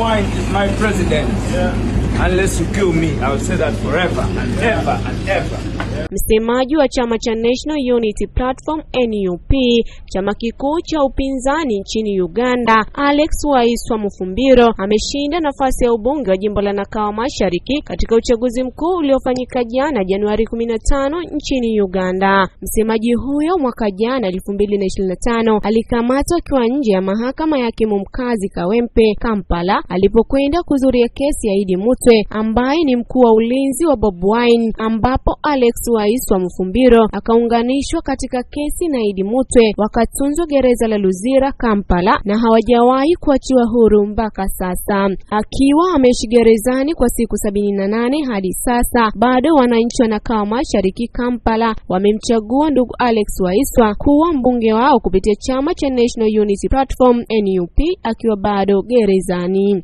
Wine is my president. Yeah. unless you kill me I will say that forever and ever and ever. Msemaji wa chama cha National Unity Platform NUP, chama kikuu cha upinzani nchini Uganda, Alex Waiswa Mufumbiro ameshinda nafasi ya ubunge wa jimbo la Nakawa Mashariki katika uchaguzi mkuu uliofanyika jana Januari 15 nchini Uganda. Msemaji huyo mwaka jana 2025 alikamatwa akiwa nje ya mahakama ya hakimu mkazi Kawempe, Kampala alipokwenda kuzuria kesi ya Idi Muto Mutwe ambaye ni mkuu wa ulinzi wa Bob Wine, ambapo Alex Wais wa Mfumbiro akaunganishwa katika kesi na Idi Mutwe wakatunzwa gereza la Luzira Kampala, na hawajawahi kuachiwa huru mpaka sasa. Akiwa ameishi gerezani kwa siku sabini na nane hadi sasa, bado wananchi wanakaa mashariki Kampala wamemchagua ndugu Alex Waiswa kuwa mbunge wao kupitia chama cha National Unity Platform NUP akiwa bado gerezani.